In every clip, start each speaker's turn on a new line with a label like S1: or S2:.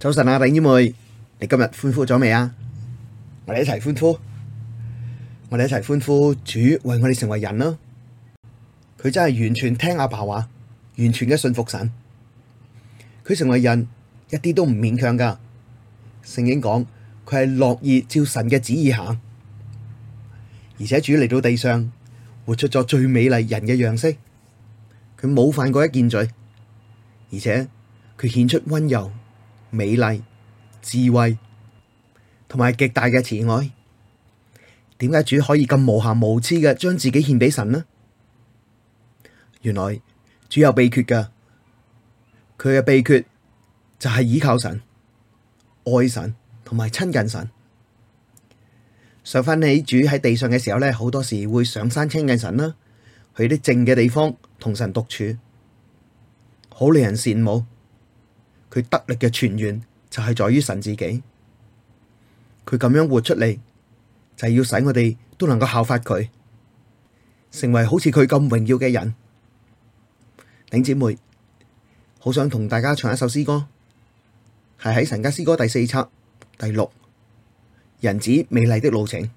S1: 早晨啊，林姨妹，你今日歡呼咗未啊？我哋一齊歡呼，我哋一齊歡呼，主為我哋成為人咯。佢真係完全聽阿爸爸話，完全嘅信服神。佢成為人一啲都唔勉強噶。聖經講佢係樂意照神嘅旨意行，而且主嚟到地上活出咗最美麗人嘅樣式。佢冇犯過一件罪，而且佢顯出温柔。美麗、智慧同埋極大嘅慈愛，點解主可以咁無限無恥嘅將自己獻俾神呢？原來主有秘訣㗎，佢嘅秘訣就係倚靠神、愛神同埋親近神。想返起主喺地上嘅時候咧，好多時會上山親近神啦，去啲靜嘅地方同神獨處，好令人羨慕。佢得力嘅泉源就係、是、在於神自己，佢咁樣活出嚟，就係、是、要使我哋都能夠效法佢，成為好似佢咁榮耀嘅人。頂姐妹，好想同大家唱一首詩歌，係喺神家詩歌第四冊第六，人子美麗的路程。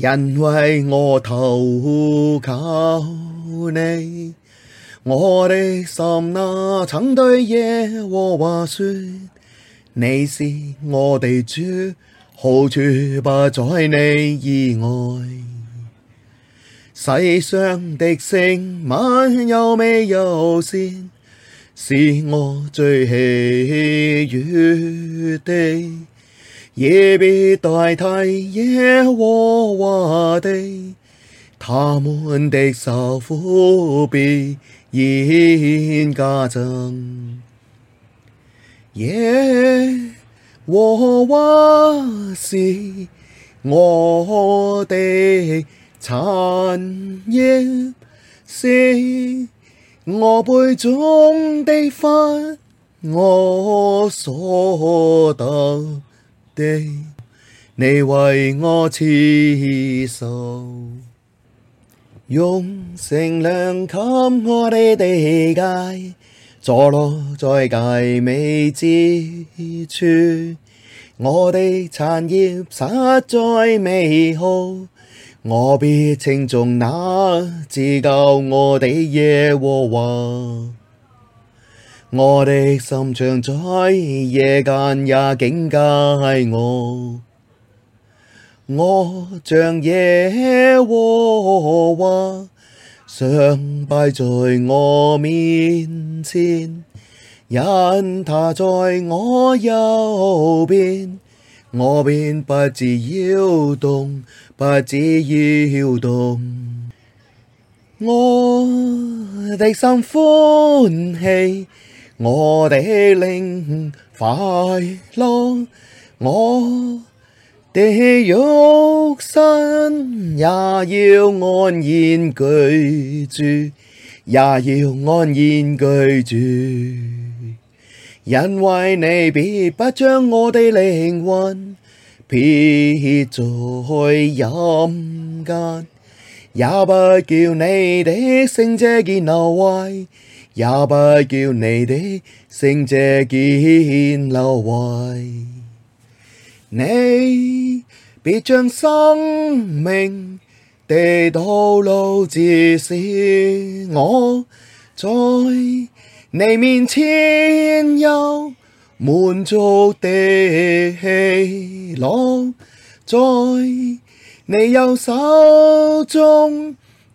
S2: 因為我投靠你，我的心哪，曾對耶和華說，你是我的主，好處不在你以外。世上的聖民又美又善，是我最喜悅的。以別代替耶和華的，他們的愁苦必然加增。耶和華是我的產業，是我杯中的份，我所得。你為我持守，用繩量給我的地界，坐落在佳美之處，我的產業實在美好，我必稱頌那指教我的耶和華，我的心腸在夜間也警戒我，我將耶和華常擺在我面前，因他在我右邊，我便不至搖動，不至搖動，我的心歡喜。我的靈快樂，我的肉身也要安然居住，也要安然居住。因為你必不將我的靈魂撇在陰間，也不叫你的聖者見朽壞，也不叫你的聖者見朽壞，你必將生命的道路指示我在你面前有滿足的喜樂，在你右手中。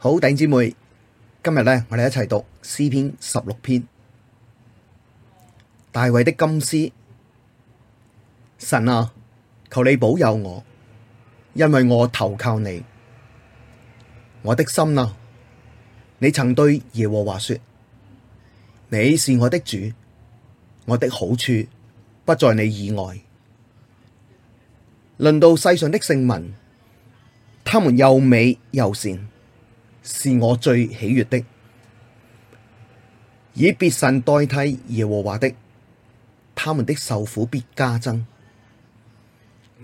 S1: 好弟姐妹，今日呢我哋一齊讀詩篇十六篇，大衛的金詩。神啊，求你保佑我，因為我投靠你。我的心啊，你曾對耶和華說：你是我的主，我的好處不在你以外。論到世上的聖民，他們又美又善。是我最喜悅的，以別神代替耶和華的，他們的愁苦必加增，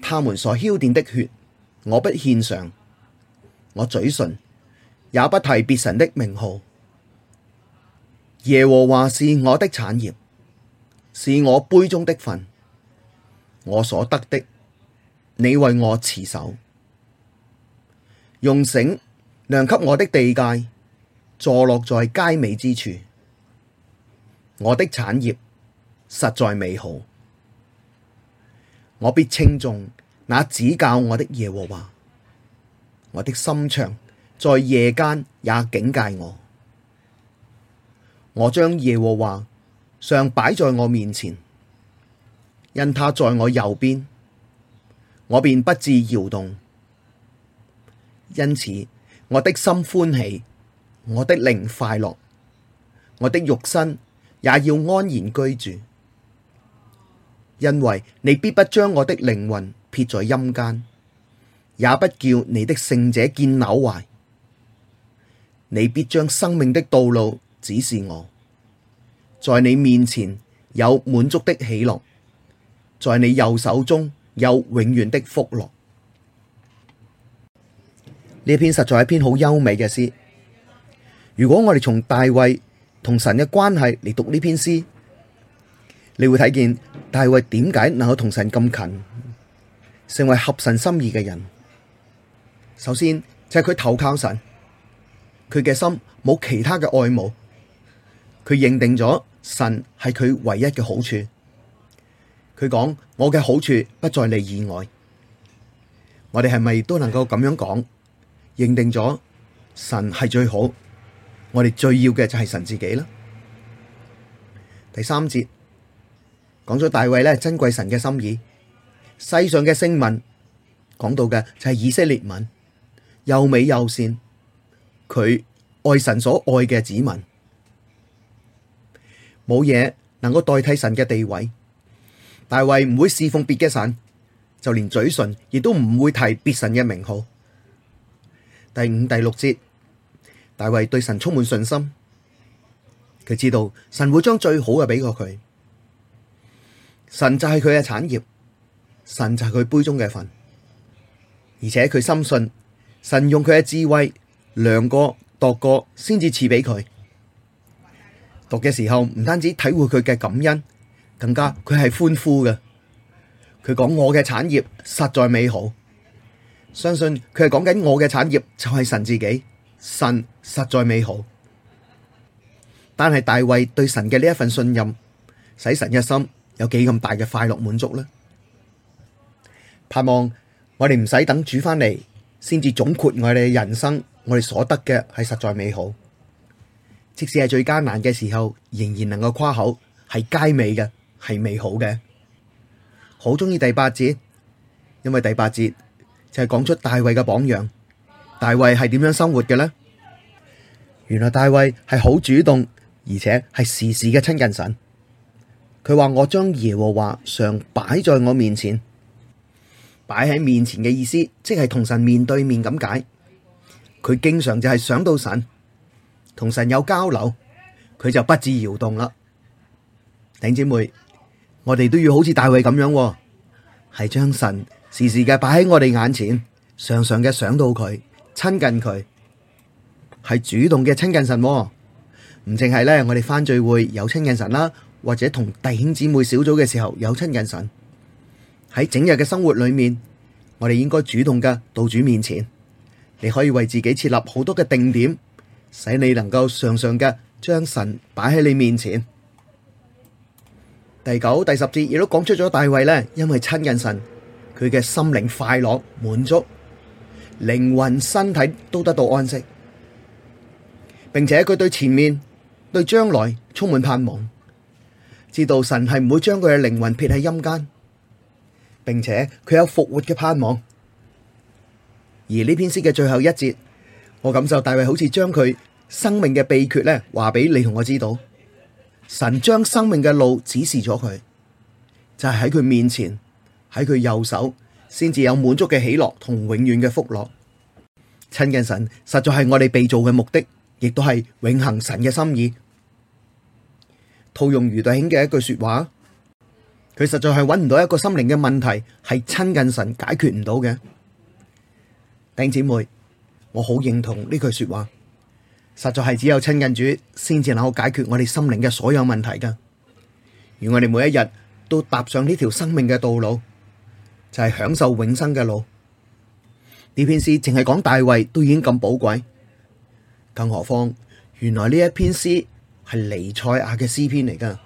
S1: 他們所澆奠的血我不獻上，我嘴唇也不提別神的名號，耶和華是我的產業，是我杯中的份，我所得的，你為我持守，用繩。量給我的地界，坐落在佳美之處。我的產業實在美好，我必稱頌，那指教我的耶和華。我的心腸在夜間也警戒我。我將耶和華常擺在我面前，因他在我右邊，我便不至搖動。因此。我的心歡喜，我的靈快樂，我的肉身也要安然居住，因為你必不將我的靈魂撇在陰間，也不叫你的聖者見朽壞。你必將生命的道路指示我，在你面前有滿足的喜樂，在你右手中有永遠的福樂。呢篇實在係一篇好優美嘅詩。如果我哋從大衛同神嘅關係嚟讀呢篇詩，你會睇見大衛點解能夠同神咁近，成為合神心意嘅人。首先就係佢投靠神，佢嘅心冇其他嘅愛慕，佢認定咗神係佢唯一嘅好處。佢講：我嘅好處不在你以外。我哋係咪都能夠咁樣講？認定咗神係最好，我哋最要嘅就係神自己啦。第三節講咗大衛咧，珍貴神嘅心意，世上嘅聖民講到嘅就係以色列民，又美又善，佢愛神所愛嘅子民，冇嘢能夠代替神嘅地位。大衛唔會侍奉別嘅神，就連嘴唇亦都唔會提別神嘅名號。第五、第六節，大衛對神充滿信心，佢知道神會將最好嘅俾過佢，神就係佢嘅產業，神就係佢杯中嘅份，而且佢深信神用佢嘅智慧量過度過，先至賜俾佢。讀嘅時候唔單止體會佢嘅感恩，更加佢係歡呼嘅，佢講我嘅產業實在美好。相信佢係講緊我嘅產業就係神自己，神實在美好。但係大衛對神嘅呢一份信任，使神嘅心有幾咁大嘅快樂滿足呢？盼望我哋唔使等主翻嚟，先至總括我哋人生，我哋所得嘅係實在美好。即使係最艱難嘅時候，仍然能夠誇口係佳美嘅，係美好嘅。好中意第八節，因為第八節。就係講出大衛嘅榜樣，大衛係點樣生活嘅呢？原來大衛係好主動，而且係時時嘅親近神。佢話我將耶和華常擺在我面前，擺喺面前嘅意思，即係同神面對面咁解。佢經常就係想到神，同神有交流，佢就不致搖動啦。頂姐妹，我哋都要好似大衛咁樣，係將神。時時嘅擺喺我哋眼前，常常嘅想到佢，親近佢，係主動嘅親近神。啊，唔淨係呢，我哋返聚會有親近神啦。啊，或者同弟兄姊妹小組嘅時候有親近神，喺整日嘅生活裏面，我哋應該主動嘅到主面前，你可以為自己設立好多嘅定點，使你能夠常常嘅將神擺喺你面前。第九、第十節亦都講出咗大衛呢，因為親近神。佢嘅心靈快樂滿足，靈魂身體都得到安息，並且佢對前面、對將來充滿盼望，知道神係唔會將佢嘅靈魂撇喺陰間，並且佢有復活嘅盼望。而呢篇詩嘅最後一節，我感受大衛好似將佢生命嘅秘訣咧話俾你同我知道，神將生命嘅路指示咗佢，就係喺佢面前，喺佢右手，先至有滿足嘅喜樂同永遠嘅福樂。親近神實在係我哋被造嘅目的，亦都係永恒神嘅心意。套用余大興嘅一句說話，佢實在係揾唔到一個心靈嘅問題，係親近神解決唔到嘅。弟兄姊妹，我好認同呢句說話，實在係只有親近主，先至能夠解決我哋心靈嘅所有問題噶。如果我哋每一日都踏上呢條生命嘅道路。就係享受永生嘅路，呢篇詩淨係講大衛都已經咁寶貴，更何況原來呢一篇詩係彌賽亞嘅詩篇嚟噶，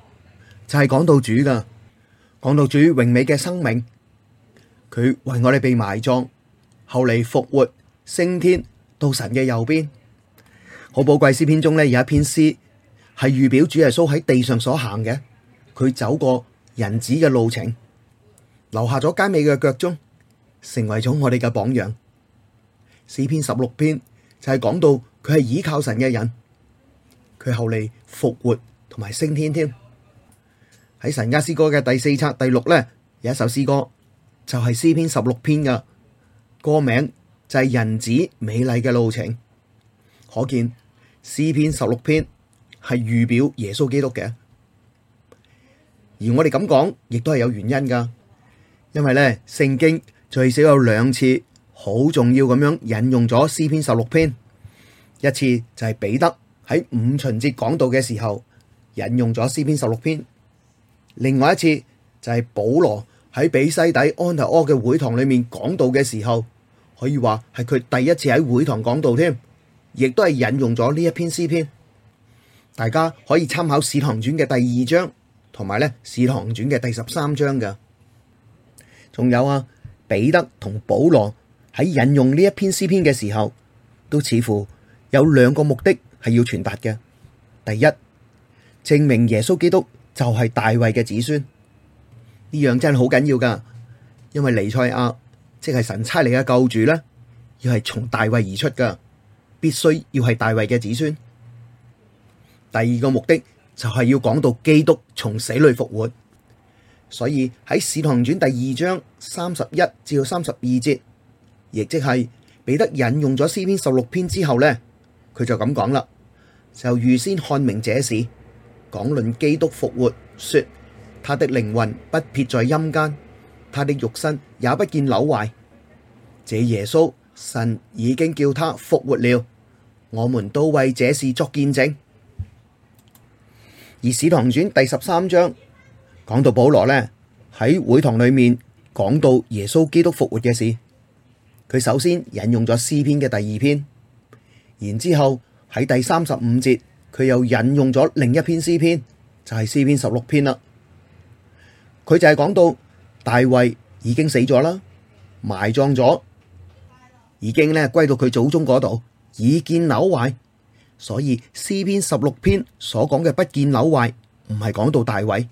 S1: 就係、是、講到主噶，講到主榮美嘅生命，佢為我哋被埋葬，後嚟復活升天到神嘅右邊，好寶貴詩篇中呢有一篇詩係預表主耶穌喺地上所行嘅，佢走過人子嘅路程。留下咗佳美嘅腳中，成為咗我哋嘅榜樣。詩篇十六篇就係講到佢係倚靠神嘅人，佢後嚟復活同埋升天添。喺神家詩歌嘅第四冊第六咧有一首詩歌，就係詩篇十六篇嘅歌名就係人子美麗嘅路程。可見詩篇十六篇係預表耶穌基督嘅，而我哋咁講亦都係有原因噶。因為咧，聖經最少有兩次好重要咁樣引用咗詩篇十六篇，一次就係彼得喺五旬節講道嘅時候引用咗詩篇十六篇，另外一次就係保羅喺彼西底安提阿嘅會堂裏面講道嘅時候，可以話係佢第一次喺會堂講道添，亦都係引用咗呢一篇詩篇。大家可以參考《使徒行傳》嘅第二章同埋咧《使徒行傳》嘅第十三章噶。仲有啊，彼得同保羅喺引用呢一篇詩篇嘅時候，都似乎有兩個目的係要傳達嘅。第一，證明耶穌基督就係大衛嘅子孫，呢樣真係好緊要噶，因為彌賽亞即係神差嚟嘅救主咧，要係從大衛而出噶，必須要係大衛嘅子孫。第二個目的就係要講到基督從死裏復活。所以喺《使徒行傳》第二章三十一至到三十二節，亦即係彼得引用咗詩篇十六篇之後咧，佢就咁講啦，就預先看明這事，講論基督復活，說他的靈魂不撇在陰間，他的肉身也不見朽壞。這耶穌神已經叫他復活了，我們都為這事作見證。而《使徒行傳》第十三章。講到保羅呢喺會堂裏面講到耶穌基督復活嘅事，佢首先引用咗詩篇嘅第二篇，然之後喺第三十五節佢又引用咗另一篇詩篇，就係詩篇十六篇啦。佢就係講到大衛已經死咗啦，埋葬咗，已經呢歸到佢祖宗嗰度，已見朽壞。所以詩篇十六篇所講嘅不見朽壞，唔係講到大衛。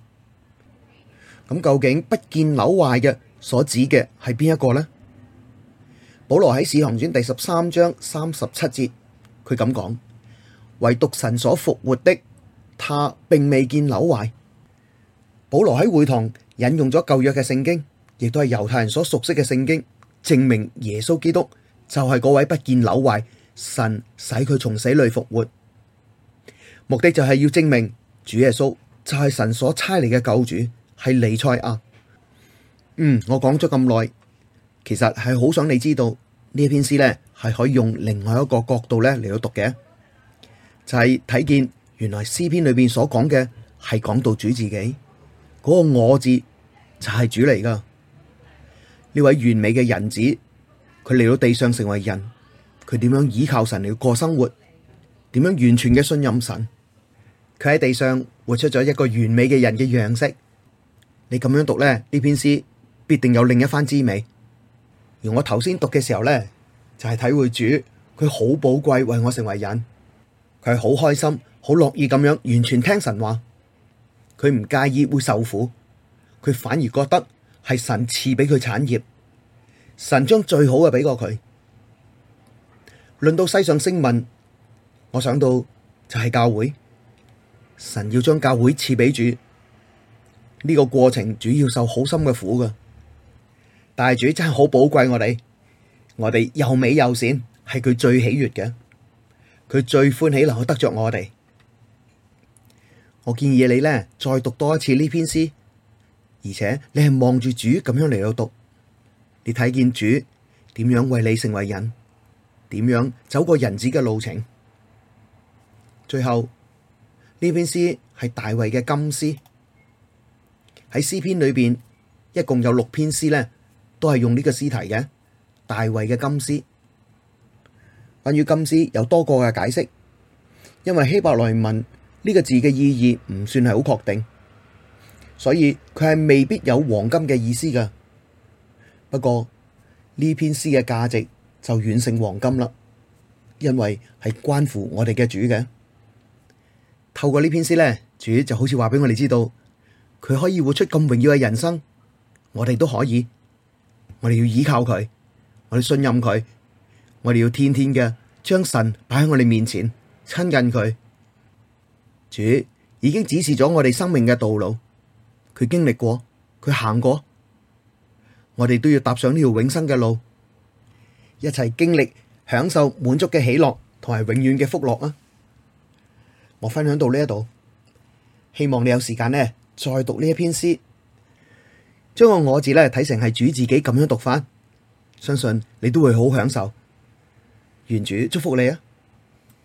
S1: 咁究竟不見朽壞嘅所指嘅係邊一個呢？保羅喺使行傳第十三章三十七節，佢咁講：唯獨神所復活的，他並未見朽壞。保羅喺會堂引用咗舊約嘅聖經，亦都係猶太人所熟悉嘅聖經，證明耶穌基督就係嗰位不見朽壞，神使佢從死裏復活。目的就係要證明主耶穌就係神所差嚟嘅救主。係尼賽啊，嗯，我講咗咁耐，其實係好想你知道呢一篇詩咧，係可以用另外一個角度咧嚟到讀嘅，就係、是、睇見原來詩篇裏邊所講嘅係講到主自己，嗰、那個我字就係主嚟噶。呢位完美嘅人子，佢嚟到地上成為人，佢點樣依靠神嚟過生活？點樣完全嘅信任神？佢喺地上活出咗一個完美嘅人嘅樣式。你咁樣讀呢，呢篇詩必定有另一番滋味。而我頭先讀嘅時候呢，就係體會主佢好寶貴為我成為人，佢好開心、好樂意咁樣完全聽神話，佢唔介意會受苦，佢反而覺得係神賜俾佢產業，神將最好嘅俾過佢。論到世上聖民，我想到就係教會，神要將教會賜俾主。呢個過程主要受好深嘅苦噶大主真係好寶貴我哋，我哋又美又善，係佢最喜悅嘅，佢最歡喜能夠得着我哋。我建議你呢，再讀多一次呢篇詩，而且你係望住主咁樣嚟去讀，你睇見主點樣為你成為人，點樣走過人子嘅路程。最後呢篇詩係大衛嘅金詩。喺詩篇裏邊，一共有六篇詩咧，都係用呢個詩題嘅《大衛嘅金詩》。關於金詩有多個嘅解釋，因為希伯來文呢、呢個字嘅意義唔算係好確定，所以佢係未必有黃金嘅意思噶。不過呢篇詩嘅價值就遠勝黃金啦，因為係關乎我哋嘅主嘅。透過呢篇詩咧，主就好似話俾我哋知道。佢可以活出咁榮耀嘅人生，我哋都可以。我哋要依靠佢，我哋信任佢，我哋要天天嘅將神擺喺我哋面前親近佢。主已經指示咗我哋生命嘅道路，佢經歷過，佢行過，我哋都要踏上呢條永生嘅路，一齊經歷、享受滿足嘅喜樂同埋永遠嘅福樂啊！我分享到呢一度，希望你有時間呢，再讀呢一篇詩，將個我字咧睇成係主自己咁樣讀返，相信你都會好享受。願主祝福你啊！